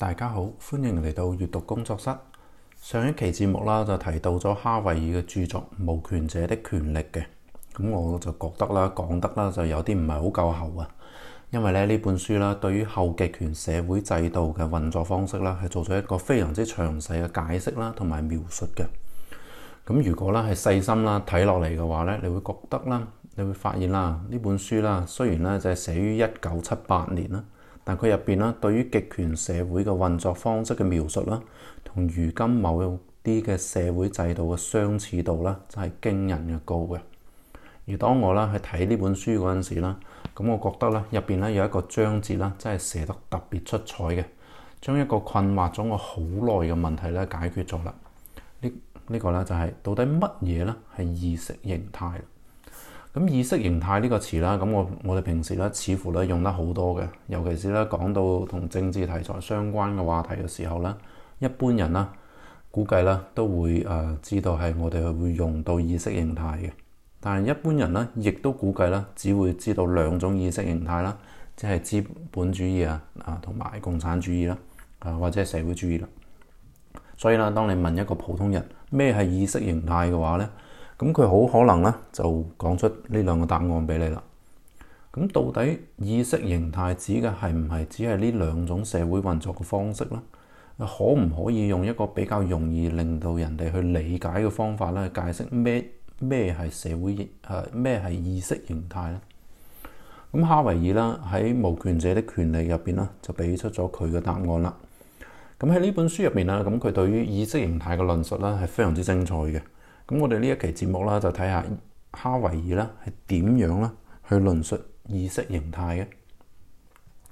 大家好，歡迎嚟到閱讀工作室。上一期節目啦，就提到咗哈維爾嘅著作《無權者的權力》嘅。咁我就覺得啦，講得啦，就有啲唔係好夠喉啊。因為咧呢本書啦，對於後極權社會制度嘅運作方式啦，係做咗一個非常之詳細嘅解釋啦，同埋描述嘅。咁如果咧係細心啦睇落嚟嘅話咧，你會覺得啦，你會發現啦呢本書啦，雖然咧就係寫於一九七八年啦。但佢入邊啦，對於極權社會嘅運作方式嘅描述啦，同如今某啲嘅社會制度嘅相似度啦，就係驚人嘅高嘅。而當我啦去睇呢本書嗰陣時啦，咁我覺得咧入邊咧有一個章節啦，真係寫得特別出彩嘅，將一個困惑咗我好耐嘅問題咧解決咗啦。呢呢個咧就係到底乜嘢咧係意識形態。咁意識形態呢個詞啦，咁我我哋平時咧似乎咧用得好多嘅，尤其是咧講到同政治題材相關嘅話題嘅時候咧，一般人咧估計咧都會誒、呃、知道係我哋會用到意識形態嘅，但係一般人咧亦都估計咧只會知道兩種意識形態啦，即係資本主義啊啊同埋共產主義啦啊，啊或者係社會主義啦、啊。所以啦，當你問一個普通人咩係意識形態嘅話咧？咁佢好可能咧，就講出呢兩個答案俾你啦。咁到底意識形態指嘅係唔係只係呢兩種社會運作嘅方式咧？可唔可以用一個比較容易令到人哋去理解嘅方法咧，解釋咩咩係社會誒咩係意識形態咧？咁哈維爾啦喺《無權者的權利》入邊咧，就俾出咗佢嘅答案啦。咁喺呢本書入邊啦，咁佢對於意識形態嘅論述咧，係非常之精彩嘅。咁我哋呢一期節目啦，就睇下哈維爾啦，係點樣咧去論述意識形態嘅。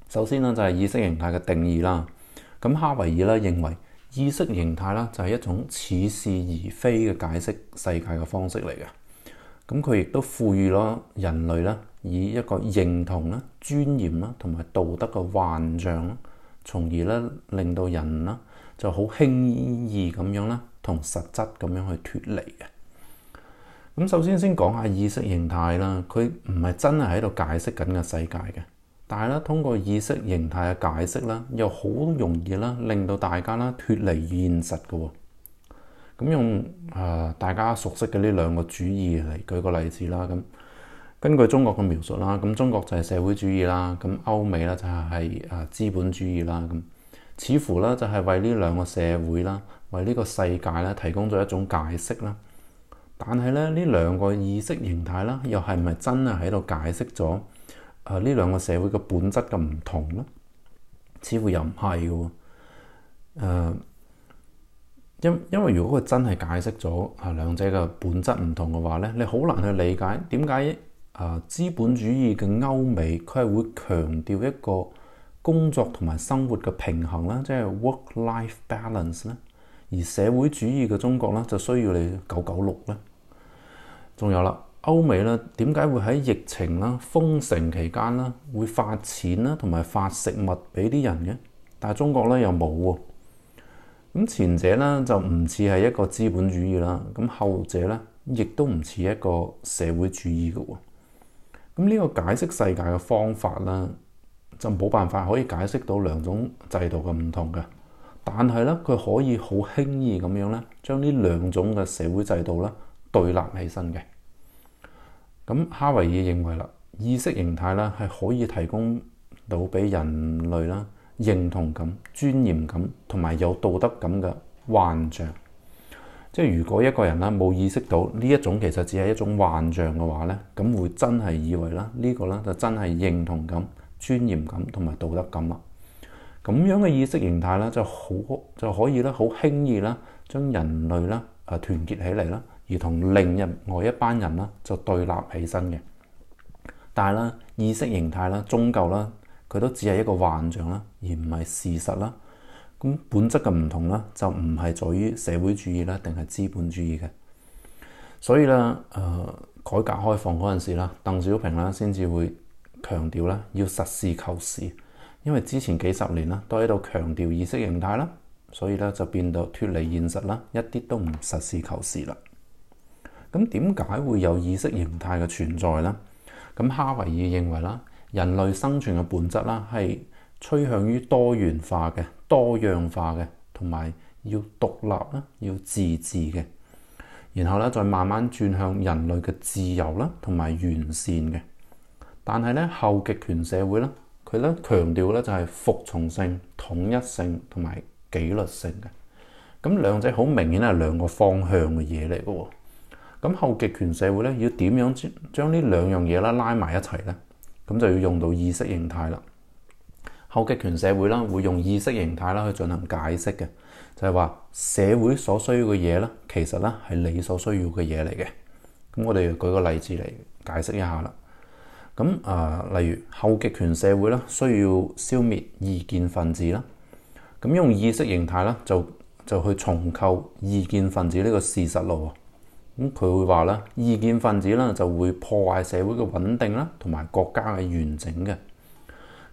首先咧就係意識形態嘅定義啦。咁哈維爾咧認為意識形態啦就係一種似是而非嘅解釋世界嘅方式嚟嘅。咁佢亦都賦予咗人類咧以一個認同啦、尊嚴啦同埋道德嘅幻象啦，從而咧令到人啦。就好輕易咁樣啦，同實質咁樣去脫離嘅。咁首先先講下意識形態啦，佢唔係真係喺度解釋緊嘅世界嘅，但係咧通過意識形態嘅解釋啦，又好容易啦令到大家啦脫離現實嘅。咁用啊大家熟悉嘅呢兩個主義嚟舉個例子啦，咁根據中國嘅描述啦，咁中國就係社會主義啦，咁歐美咧就係啊資本主義啦咁。似乎咧就係為呢兩個社會啦，為呢個世界咧提供咗一種解釋啦。但係咧呢兩個意識形態啦，又係咪真係喺度解釋咗啊，呢、呃、兩個社會嘅本質嘅唔同咧？似乎又唔係嘅。誒、呃，因因為如果佢真係解釋咗啊兩者嘅本質唔同嘅話咧，你好難去理解點解啊資本主義嘅歐美佢係會強調一個。工作同埋生活嘅平衡啦，即係 work-life balance 啦。而社會主義嘅中國咧，就需要你九九六啦。仲有啦，歐美咧，點解會喺疫情啦、封城期間啦，會發錢啦同埋發食物俾啲人嘅？但係中國咧又冇喎。咁前者咧就唔似係一個資本主義啦，咁後者咧亦都唔似一個社會主義嘅喎。咁呢個解釋世界嘅方法啦。就冇辦法可以解釋到兩種制度嘅唔同嘅，但係咧佢可以好輕易咁樣咧，將呢兩種嘅社會制度咧對立起身嘅。咁哈維爾認為啦，意識形態咧係可以提供到俾人類啦認同感、尊嚴感同埋有道德感嘅幻象。即係如果一個人咧冇意識到呢一種其實只係一種幻象嘅話咧，咁會真係以為啦呢、呢個咧就真係認同感。尊嚴感同埋道德感啦，咁樣嘅意識形態咧就好就可以咧好輕易啦，將人類咧誒團結起嚟啦，而同另一外一班人咧就對立起身嘅。但係咧意識形態咧終究咧佢都只係一個幻象啦，而唔係事實啦。咁本質嘅唔同啦，就唔係在於社會主義啦定係資本主義嘅。所以咧誒、呃、改革開放嗰陣時啦，鄧小平啦先至會，強調啦，要實事求是，因為之前幾十年啦，都喺度強調意識形態啦，所以咧就變到脫離現實啦，一啲都唔實事求是啦。咁點解會有意識形態嘅存在呢？咁哈維爾認為啦，人類生存嘅本質啦，係趨向於多元化嘅、多樣化嘅，同埋要獨立啦、要自治嘅，然後咧再慢慢轉向人類嘅自由啦同埋完善嘅。但係咧，後極權社會咧，佢咧強調咧就係服從性、統一性同埋紀律性嘅。咁兩者好明顯係兩個方向嘅嘢嚟嘅喎。咁後極權社會咧，要點樣將呢兩樣嘢咧拉埋一齊咧？咁就要用到意識形態啦。後極權社會啦，會用意識形態啦去進行解釋嘅，就係話社會所需要嘅嘢咧，其實咧係你所需要嘅嘢嚟嘅。咁我哋舉個例子嚟解釋一下啦。咁啊，例如後極權社會啦，需要消滅異見分子啦，咁用意識形態啦，就就去重構異見分子呢個事實咯。咁佢會話啦，異見分子啦就會破壞社會嘅穩定啦，同埋國家嘅完整嘅。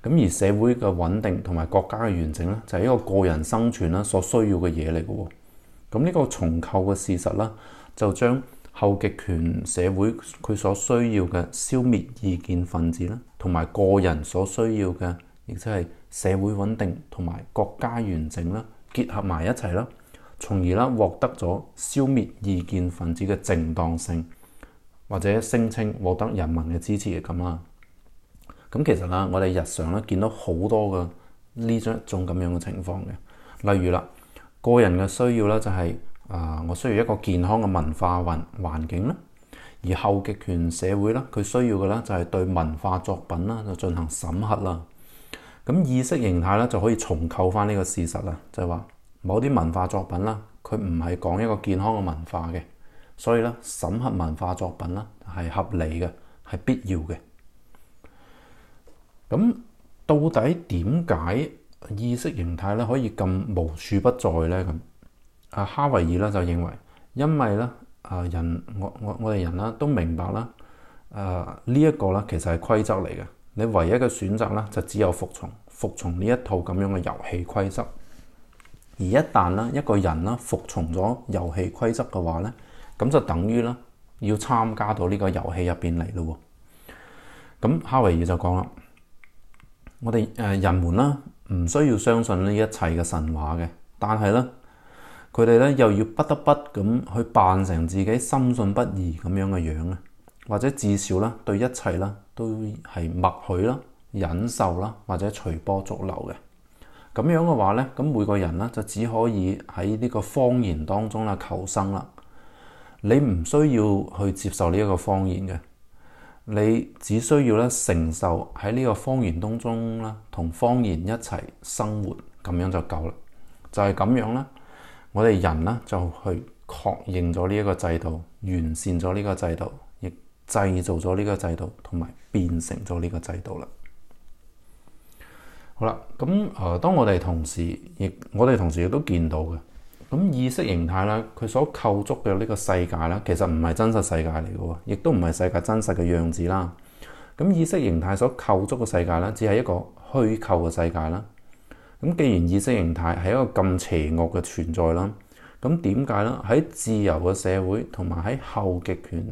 咁而社會嘅穩定同埋國家嘅完整咧，就係一個個人生存啦所需要嘅嘢嚟嘅。咁、這、呢個重構嘅事實啦，就將後極權社會佢所需要嘅消滅異見分子啦，同埋個人所需要嘅，亦即係社會穩定同埋國家完整啦，結合埋一齊啦，從而啦獲得咗消滅異見分子嘅正當性，或者聲稱獲得人民嘅支持嘅咁啦。咁其實啦，我哋日常咧見到好多嘅呢種一種咁樣嘅情況嘅，例如啦，個人嘅需要咧就係、是。啊！我需要一個健康嘅文化環環境啦，而後極權社會啦，佢需要嘅咧就係對文化作品啦就進行審核啦。咁意識形態咧就可以重構翻呢個事實啦，就係話某啲文化作品啦，佢唔係講一個健康嘅文化嘅，所以咧審核文化作品啦係合理嘅，係必要嘅。咁到底點解意識形態咧可以咁無處不在咧？咁？啊、呃呃這個嗯，哈維爾啦就認為，因為咧，啊人，我我我哋人啦都明白啦，啊呢一個咧其實係規則嚟嘅，你唯一嘅選擇咧就只有服從，服從呢一套咁樣嘅遊戲規則。而一旦咧一個人咧服從咗遊戲規則嘅話咧，咁就等於咧要參加到呢個遊戲入邊嚟咯。咁哈維爾就講啦，我哋誒人們啦唔需要相信呢一切嘅神話嘅，但係咧。佢哋咧又要不得不咁去扮成自己深信不疑咁樣嘅樣啊，或者至少啦，對一切啦都係默許啦、忍受啦，或者隨波逐流嘅咁樣嘅話咧，咁每個人咧就只可以喺呢個謊言當中啦求生啦。你唔需要去接受呢一個謊言嘅，你只需要咧承受喺呢個謊言當中啦，同謊言一齊生活，咁樣就夠啦。就係咁樣啦。我哋人咧就去確認咗呢一個制度，完善咗呢個制度，亦製造咗呢個制度，同埋變成咗呢個制度啦。好啦，咁誒，當我哋同時亦，我哋同時亦都見到嘅，咁意識形態啦，佢所構築嘅呢個世界啦，其實唔係真實世界嚟嘅喎，亦都唔係世界真實嘅樣子啦。咁意識形態所構築嘅世界啦，只係一個虛構嘅世界啦。咁既然意識形態係一個咁邪惡嘅存在啦，咁點解咧喺自由嘅社會同埋喺後極權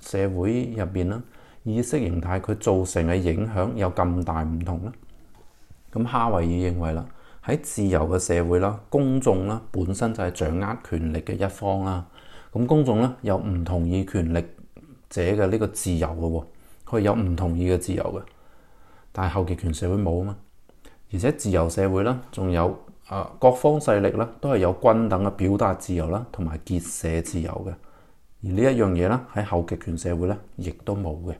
社會入邊咧，意識形態佢造成嘅影響有咁大唔同呢？咁哈維爾認為啦，喺自由嘅社會啦，公眾啦本身就係掌握權力嘅一方啦，咁公眾咧有唔同意權力者嘅呢個自由嘅喎，佢有唔同意嘅自由嘅，但係後極權社會冇啊嘛。而且自由社會啦，仲有啊、呃、各方勢力啦，都係有均等嘅表達自由啦，同埋結社自由嘅。而呢一樣嘢啦，喺後極權社會咧，亦都冇嘅。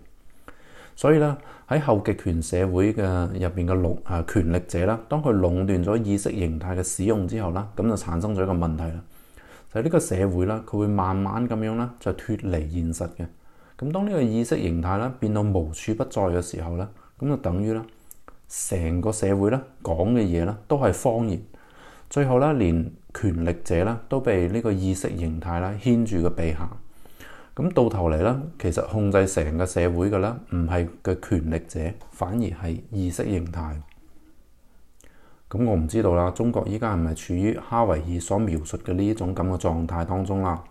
所以咧，喺後極權社會嘅入邊嘅壟啊權力者啦，當佢壟斷咗意識形態嘅使用之後啦，咁就產生咗一個問題啦，就係、是、呢個社會啦，佢會慢慢咁樣咧就脫離現實嘅。咁當呢個意識形態啦變到無處不在嘅時候咧，咁就等於啦。成個社會咧講嘅嘢咧都係謊言，最後咧連權力者咧都被呢個意識形態咧牽住個鼻行。咁到頭嚟咧，其實控制成個社會嘅咧唔係嘅權力者，反而係意識形態。咁我唔知道啦，中國依家係咪處於哈維爾所描述嘅呢一種咁嘅狀態當中啦？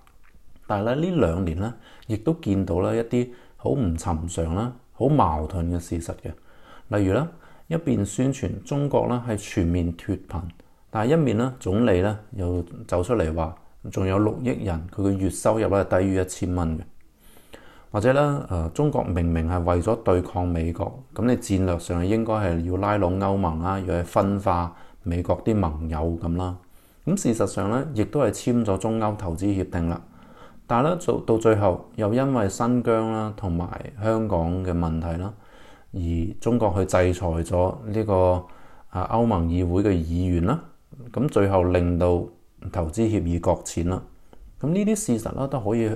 但係咧呢兩年咧，亦都見到咧一啲好唔尋常啦、好矛盾嘅事實嘅，例如咧。一邊宣傳中國咧係全面脫貧，但係一面咧總理咧又走出嚟話，仲有六億人佢嘅月收入咧係低於一千蚊嘅。或者咧，誒、呃、中國明明係為咗對抗美國，咁你戰略上應該係要拉攏歐盟啊，要分化美國啲盟友咁啦。咁事實上咧，亦都係簽咗中歐投資協定啦。但係咧，到到最後又因為新疆啦同埋香港嘅問題啦。而中國去制裁咗呢個啊歐盟議會嘅議員啦，咁最後令到投資協議擱淺啦。咁呢啲事實啦都可以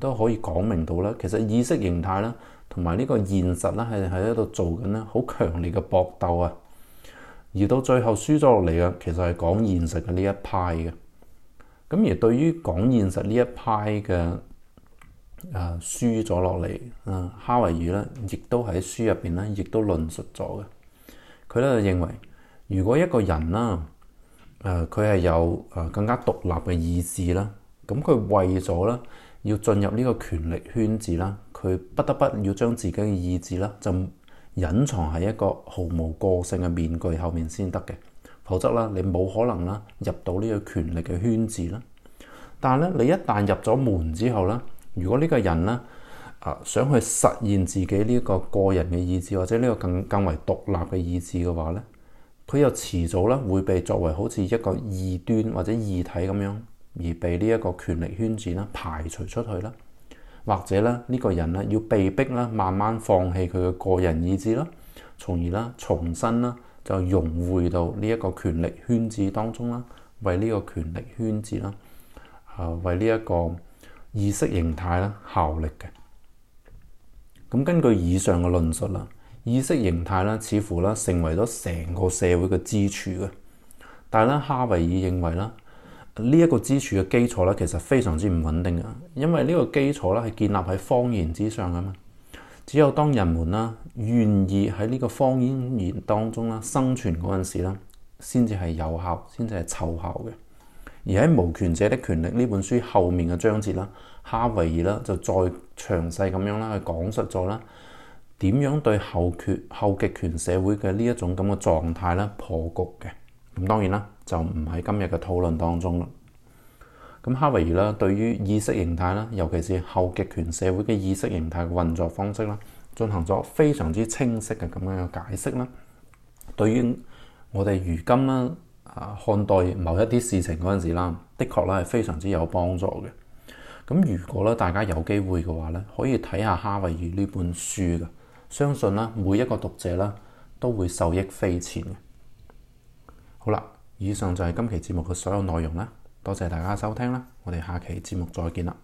都可以講明到啦。其實意識形態啦同埋呢個現實啦係喺度做緊啦，好強烈嘅搏鬥啊。而到最後輸咗落嚟嘅其實係講現實嘅呢一派嘅。咁而對於講現實呢一派嘅。啊，輸咗落嚟啊。哈維爾咧，亦都喺書入邊咧，亦都論述咗嘅。佢咧就認為，如果一個人啦，誒佢係有誒更加獨立嘅意志啦，咁佢為咗啦要進入呢個權力圈子啦，佢不得不要將自己嘅意志啦就隱藏喺一個毫無個性嘅面具後面先得嘅，否則啦，你冇可能啦入到呢個權力嘅圈子啦。但係咧，你一旦入咗門之後咧。如果呢個人呢，啊、呃，想去實現自己呢個個人嘅意志，或者呢個更更為獨立嘅意志嘅話呢，佢又遲早咧會被作為好似一個異端或者異體咁樣，而被呢一個權力圈子咧排除出去啦，或者咧呢個人呢要被逼咧慢慢放棄佢嘅個人意志啦，從而咧重新咧就融匯到呢一個權力圈子當中啦，為呢個權力圈子啦，啊、呃，為呢一個。意識形態咧效力嘅，咁根據以上嘅論述啦，意識形態啦，似乎啦，成為咗成個社會嘅支柱嘅，但係咧哈維爾認為啦，呢一個支柱嘅基礎咧其實非常之唔穩定啊，因為呢個基礎咧係建立喺方言之上噶嘛，只有當人們啦願意喺呢個方言當中啦生存嗰陣時啦，先至係有效，先至係湊效嘅。而喺《無權者的權力》呢本書後面嘅章節啦，哈維爾啦就再詳細咁樣啦去講述咗啦，點樣對後決後極權社會嘅呢一種咁嘅狀態咧破局嘅。咁當然啦，就唔喺今日嘅討論當中啦。咁哈維爾啦，對於意識形態啦，尤其是後極權社會嘅意識形態嘅運作方式啦，進行咗非常之清晰嘅咁樣嘅解釋啦。對於我哋如今啦。啊，看待某一啲事情嗰陣時啦，的確咧係非常之有幫助嘅。咁如果咧大家有機會嘅話咧，可以睇下哈維爾呢本書嘅，相信啦每一個讀者啦都會受益匪淺嘅。好啦，以上就係今期節目嘅所有內容啦，多謝大家收聽啦，我哋下期節目再見啦。